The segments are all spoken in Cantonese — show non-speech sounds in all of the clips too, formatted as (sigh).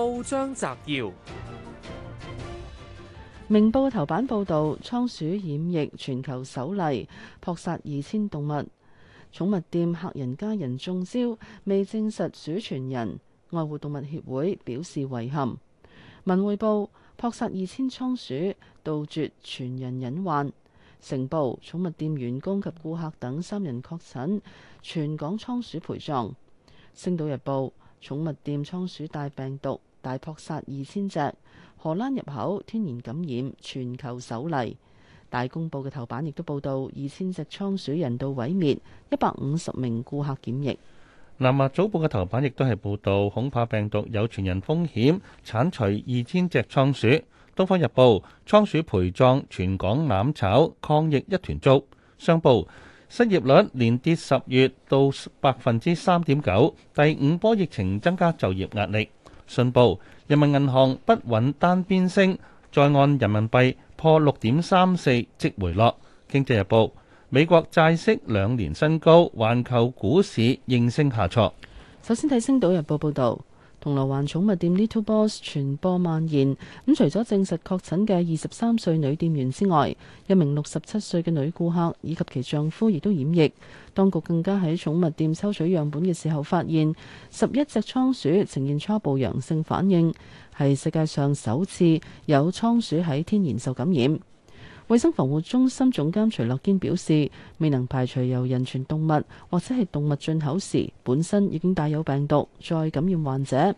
報章摘要：明報頭版報道倉鼠染疫全球首例，撲殺二千動物。寵物店客人家人中招，未證實鼠傳人。愛護動物協會表示遺憾。文匯報撲殺二千倉鼠，杜絕傳人隱患。成報寵物店員工及顧客等三人確診，全港倉鼠陪葬。星島日報寵物店倉鼠帶病毒。大撲殺二千隻荷蘭入口，天然感染全球首例。大公報嘅頭版亦都報道二千隻倉鼠人道毀滅，一百五十名顧客檢疫。南華早報嘅頭版亦都係報道恐怕病毒有傳人風險，鏟除二千隻倉鼠。東方日報倉鼠陪葬，全港攬炒抗疫一團糟。商報失業率連跌十月到百分之三點九，第五波疫情增加就業壓力。信報人民銀行不穩單邊升，在岸人民幣破六點三四即回落。經濟日報美國債息兩年新高，環球股市應聲下挫。首先睇星島日報報導。銅鑼灣寵物店 Little Boss 傳播蔓延，咁除咗證實確診嘅二十三歲女店員之外，一名六十七歲嘅女顧客以及其丈夫亦都染疫。當局更加喺寵物店抽取樣本嘅時候，發現十一隻倉鼠呈現初步陽性反應，係世界上首次有倉鼠喺天然受感染。 (music) 衛生防護中心總監徐樂堅表示，未能排除由人傳動物或者係動物進口時本身已經帶有病毒再感染患者。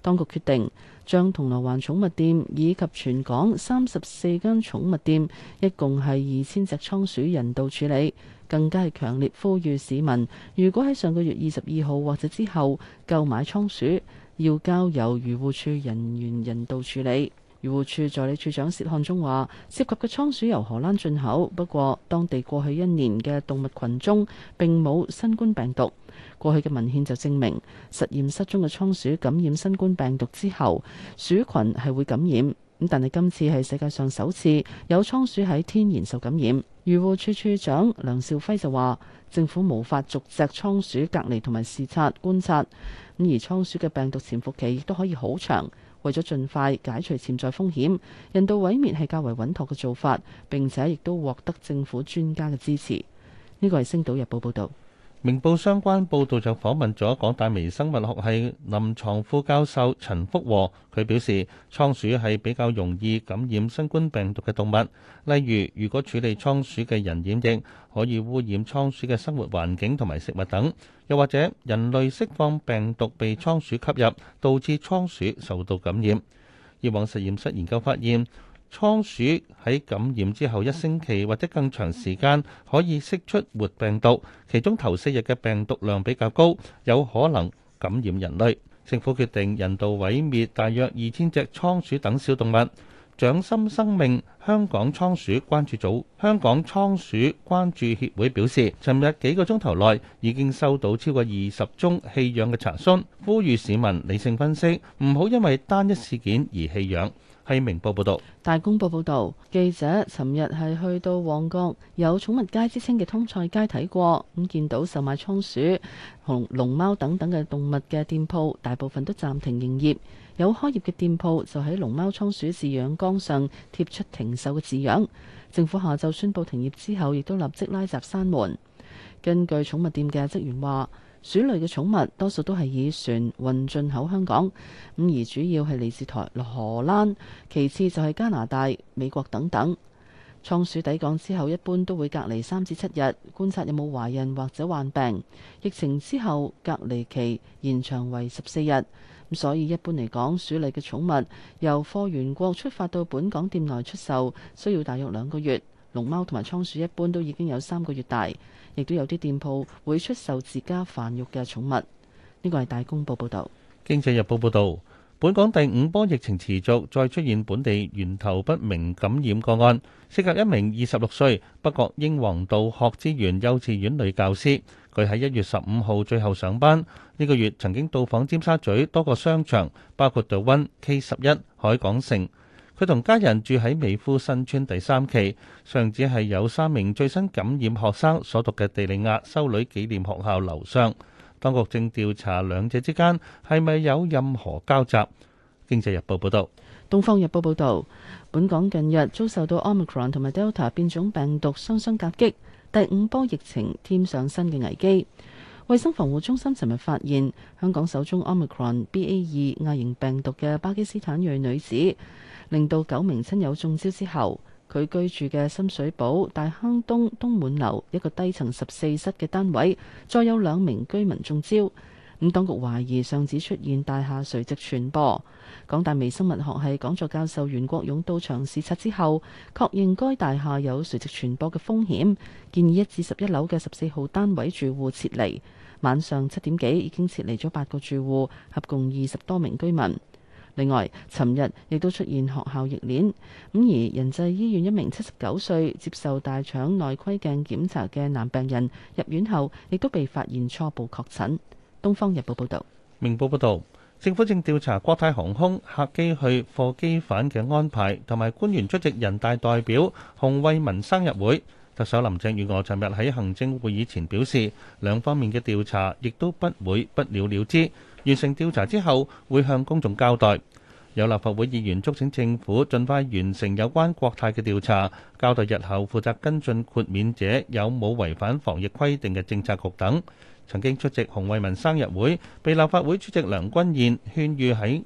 當局決定將銅鑼灣寵物店以及全港三十四間寵物店，一共係二千隻倉鼠人道處理。更加係強烈呼籲市民，如果喺上個月二十二號或者之後購買倉鼠，要交由漁護處人員人道處理。漁護署助理署長薛漢忠話：涉及嘅倉鼠由荷蘭進口，不過當地過去一年嘅動物群中並冇新冠病毒。過去嘅文獻就證明，實驗室中嘅倉鼠感染新冠病毒之後，鼠群係會感染。咁但係今次係世界上首次有倉鼠喺天然受感染。漁護署署長梁肇輝就話：政府無法逐隻倉鼠隔離同埋視察觀察，咁而倉鼠嘅病毒潛伏期亦都可以好長。為咗盡快解除潛在風險，人道毀滅係較為穩妥嘅做法，並且亦都獲得政府專家嘅支持。呢個係《星島日報》報導。明報相關報導就訪問咗港大微生物學系臨床副教授陳福和，佢表示，倉鼠係比較容易感染新冠病毒嘅動物。例如，如果處理倉鼠嘅人染疫，可以污染倉鼠嘅生活環境同埋食物等；又或者人類釋放病毒被倉鼠吸入，導致倉鼠受到感染。以往實驗室研究發現，倉鼠喺感染之後一星期或者更長時間可以釋出活病毒，其中頭四日嘅病毒量比較高，有可能感染人類。政府決定人道毀滅大約二千隻倉鼠等小動物。掌心生命香港倉鼠關注組、香港倉鼠關注協會表示，尋日幾個鐘頭內已經收到超過二十宗棄養嘅查詢，呼籲市民理性分析，唔好因為單一事件而棄養。係明報報道。大公報報道，記者尋日係去到旺角有寵物街之稱嘅通菜街睇過，見到售賣倉鼠同龍貓等等嘅動物嘅店鋪，大部分都暫停營業。有開業嘅店鋪就喺龍貓、倉鼠飼養缸上貼出停售嘅字樣。政府下晝宣布停業之後，亦都立即拉閘閂門。根據寵物店嘅職員話。鼠類嘅寵物多數都係以船運進口香港，咁而主要係嚟自台、荷蘭，其次就係加拿大、美國等等。倉鼠抵港之後，一般都會隔離三至七日，觀察有冇懷孕或者患病。疫情之後，隔離期延長為十四日，咁所以一般嚟講，鼠類嘅寵物由貨源國出發到本港店內出售，需要大約兩個月。龍貓同埋倉鼠一般都已經有三個月大。亦都有啲店鋪會出售自家繁育嘅寵物。呢個係大公報報導，《經濟日報》報導，本港第五波疫情持續，再出現本地源頭不明感染個案，涉及一名二十六歲北角英皇道學之園幼稚園女教師。佢喺一月十五號最後上班，呢、呢個月曾經到訪尖沙咀多個商場，包括 The One K 十一、海港城。佢同家人住喺美孚新村第三期，上址係有三名最新感染學生所讀嘅地利亞修女紀念學校樓上。當局正調查兩者之間，係咪有任何交集。經濟日報報道。東方日報報道，本港近日遭受到 omicron 同埋 Delta 變種病毒雙雙夾擊，第五波疫情添上新嘅危機。衛生防護中心尋日發現，香港首宗 Omicron BA 二亞型病毒嘅巴基斯坦裔女子。令到九名親友中招之後，佢居住嘅深水埗大坑東東滿樓一個低層十四室嘅單位，再有兩名居民中招。咁、嗯、當局懷疑上址出現大廈垂直傳播。港大微生物學系講座教授袁國勇到場視察之後，確認該大廈有垂直傳播嘅風險，建議一至十一樓嘅十四號單位住戶撤離。晚上七點幾已經撤離咗八個住戶，合共二十多名居民。另外，尋日亦都出現學校疫鏈，咁而仁濟醫院一名七十九歲接受大腸內窺鏡檢查嘅男病人入院後，亦都被發現初步確診。《東方日報》報導，《明報》報導，政府正調查國泰航空客機去貨機返嘅安排，同埋官員出席人大代表洪為民生日會。特首林鄭月娥尋日喺行政會議前表示，兩方面嘅調查亦都不會不了了之。完成調查之後，會向公眾交代。有立法會議員促請政府盡快完成有關國泰嘅調查，交代日後負責跟進豁免者有冇違反防疫規定嘅政策局等。曾經出席洪為民生日會，被立法會主席梁君彥勸喻喺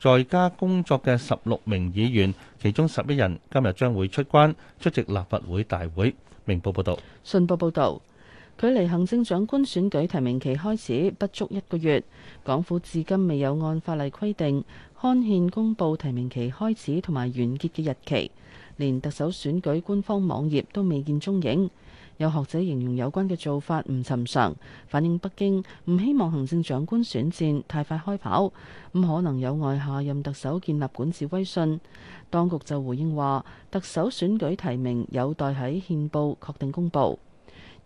在家工作嘅十六名議員，其中十一人今日將會出關出席立法會大會。明報報道，信報報道。距離行政長官選舉提名期開始不足一個月，港府至今未有按法例規定刊憲公佈提名期開始同埋完結嘅日期，連特首選舉官方網頁都未見蹤影。有學者形容有關嘅做法唔尋常，反映北京唔希望行政長官選戰太快開跑，咁可能有礙下任特首建立管治威信。當局就回應話，特首選舉提名有待喺憲報確定公佈。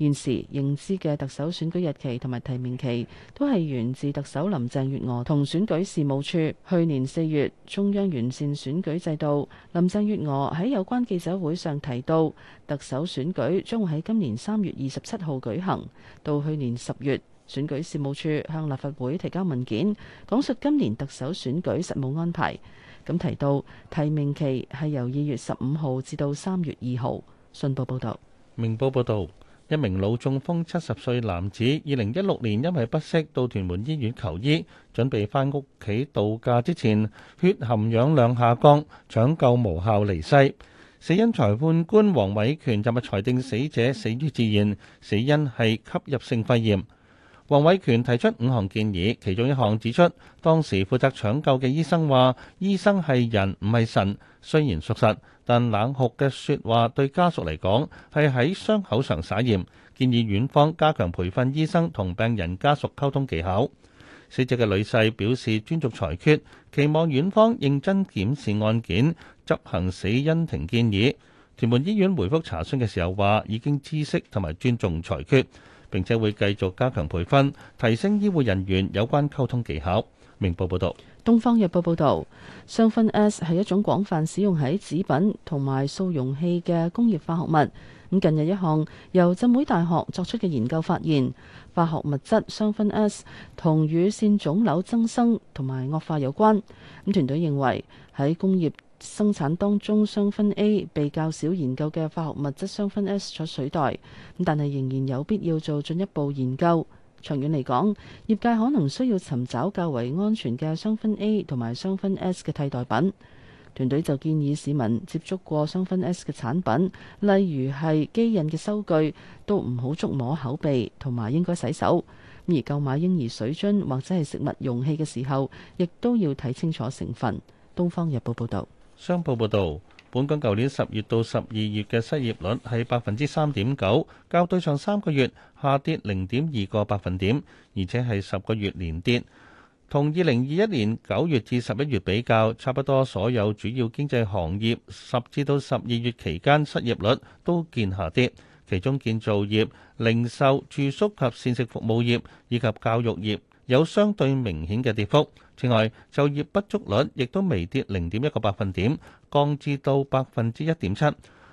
現時認知嘅特首選舉日期同埋提名期都係源自特首林鄭月娥同選舉事務處去年四月中央完善選舉制度。林鄭月娥喺有關記者會上提到，特首選舉將會喺今年三月二十七號舉行。到去年十月，選舉事務處向立法會提交文件，講述今年特首選舉實務安排。咁提到提名期係由二月十五號至到三月二號。信報報道。明報報道。一名腦中風七十歲男子，二零一六年因為不適到屯門醫院求醫，準備返屋企度假之前，血含氧量下降，搶救無效離世。死因裁判官黃偉權就係裁定死者死於自然，死因係吸入性肺炎。黃偉權提出五項建議，其中一項指出，當時負責搶救嘅醫生話：醫生係人唔係神，雖然屬實，但冷酷嘅說話對家屬嚟講係喺傷口上撒鹽。建議院方加強培訓醫生同病人家屬溝通技巧。死者嘅女婿表示尊重裁決，期望院方認真檢視案件，執行死因庭建議。屯門醫院回覆查詢嘅時候話，已經知悉同埋尊重裁決，並且會繼續加強培訓，提升醫護人員有關溝通技巧。《明報》報導東方日報》報導，雙酚 S 係一種廣泛使用喺紙品同埋塑容器嘅工業化學物。咁近日，一項由浸會大學作出嘅研究發現，化學物質雙酚 S 同乳腺腫瘤增生同埋惡化有關。咁團隊認為喺工業生產當中雙酚 A 被較少研究嘅化學物質雙酚 S 所取代，但係仍然有必要做進一步研究。長遠嚟講，業界可能需要尋找較為安全嘅雙酚 A 同埋雙酚 S 嘅替代品。團隊就建議市民接觸過雙酚 S 嘅產品，例如係機印嘅收據，都唔好觸摸口鼻，同埋應該洗手。而購買嬰兒水樽或者係食物容器嘅時候，亦都要睇清楚成分。《東方日報》報道。商報報導，本港舊年十月到十二月嘅失業率係百分之三點九，較對上三個月下跌零點二個百分點，而且係十個月連跌。同二零二一年九月至十一月比較，差不多所有主要經濟行業十至到十二月期間失業率都見下跌，其中建造業、零售、住宿及膳食服務業以及教育業有相對明顯嘅跌幅。此外，就業不足率亦都微跌零點一個百分點，降至到百分之一點七。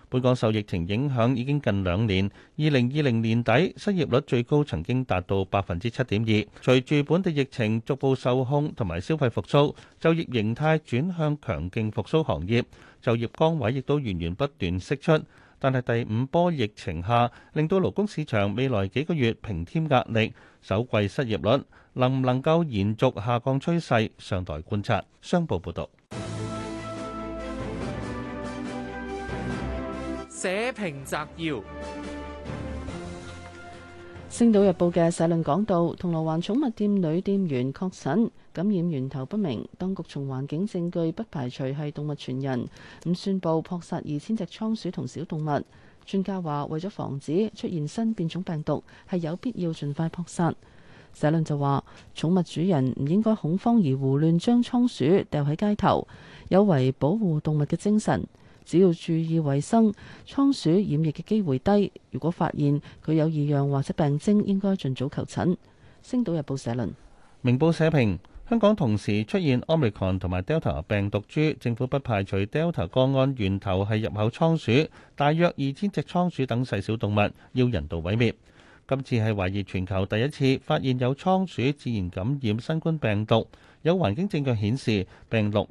本港受疫情影響已經近兩年，二零二零年底失業率最高曾經達到百分之七點二。隨住本地疫情逐步受控同埋消費復甦，就業形態轉向強勁復甦行業，就業崗位亦都源源不斷釋出。但係第五波疫情下，令到勞工市場未來幾個月平添壓力。首季失業率能唔能夠延續下降趨勢，尚待觀察。商報報道。社評摘要。《星島日報》嘅社論講到，銅鑼灣寵物店女店員確診感染源頭不明，當局從環境證據不排除係動物傳人，咁宣布撲殺二千隻倉鼠同小動物。專家話為咗防止出現新變種病毒，係有必要盡快撲殺。社論就話，寵物主人唔應該恐慌而胡亂將倉鼠丟喺街頭，有違保護動物嘅精神。只要注意衞生，倉鼠染疫嘅機會低。如果發現佢有異樣或者病徵，應該盡早求診。星島日報社論，明報社評：香港同時出現 Omicron 同埋 Delta 病毒株，政府不排除 Delta 個案源頭係入口倉鼠。大約二千隻倉鼠等細小動物要人道毀滅。今次係懷疑全球第一次發現有倉鼠自然感染新冠病毒，有環境證據顯示病毒。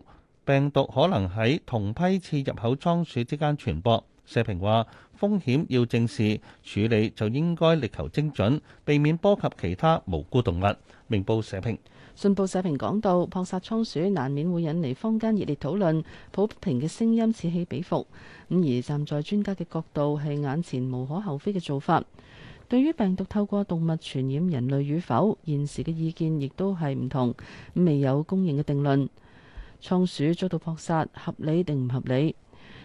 病毒可能喺同批次入口倉鼠之間傳播，社評話風險要正視，處理就應該力求精準，避免波及其他無辜動物。明報社評，信報社評講到，撲殺倉鼠難免會引嚟坊間熱烈討論，抱不平嘅聲音此起彼伏。咁而站在專家嘅角度，係眼前無可厚非嘅做法。對於病毒透過動物傳染人類與否，現時嘅意見亦都係唔同，未有公認嘅定論。倉鼠遭到撲殺，合理定唔合理？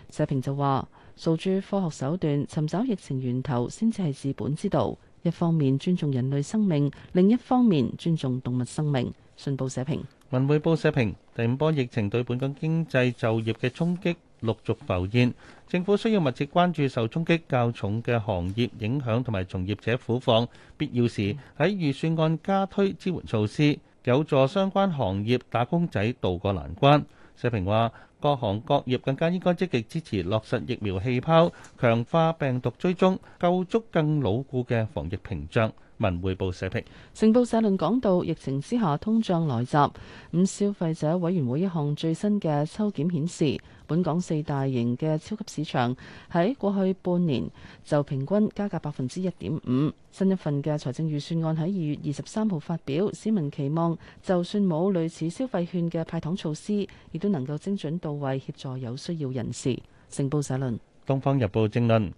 社評就話，訴諸科學手段尋找疫情源頭，先至係治本之道。一方面尊重人類生命，另一方面尊重動物生命。信報社評，文匯報社評。第五波疫情對本港經濟就業嘅衝擊陸續浮現，政府需要密切關注受衝擊較重嘅行業影響同埋從業者苦況，必要時喺預算案加推支援措施。有助相關行業打工仔渡過難關。社評話：各行各業更加應該積極支持落實疫苗氣泡，強化病毒追蹤，構築更牢固嘅防疫屏障。文匯報社評。成報社論講到疫情之下通脹來襲，咁消費者委員會一項最新嘅抽檢顯示，本港四大型嘅超級市場喺過去半年就平均加價百分之一點五。新一份嘅財政預算案喺二月二十三號發表，市民期望就算冇類似消費券嘅派糖措施，亦都能夠精準到位協助有需要人士。成報社論。東方日報正論，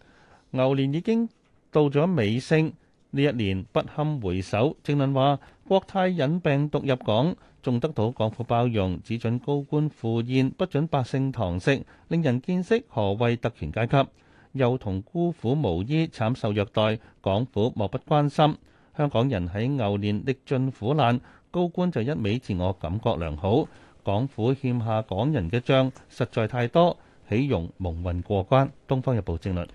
牛年已經到咗尾聲。呢一年不堪回首，正論話國泰引病毒入港，仲得到港府包容，只准高官赴宴，不准百姓堂食，令人見識何謂特權階級。又同孤苦無依、慘受虐待港府漠不關心，香港人喺牛年歷盡苦難，高官就一味自我感覺良好，港府欠下港人嘅帳實在太多，豈容蒙混過關。《東方日報》正論。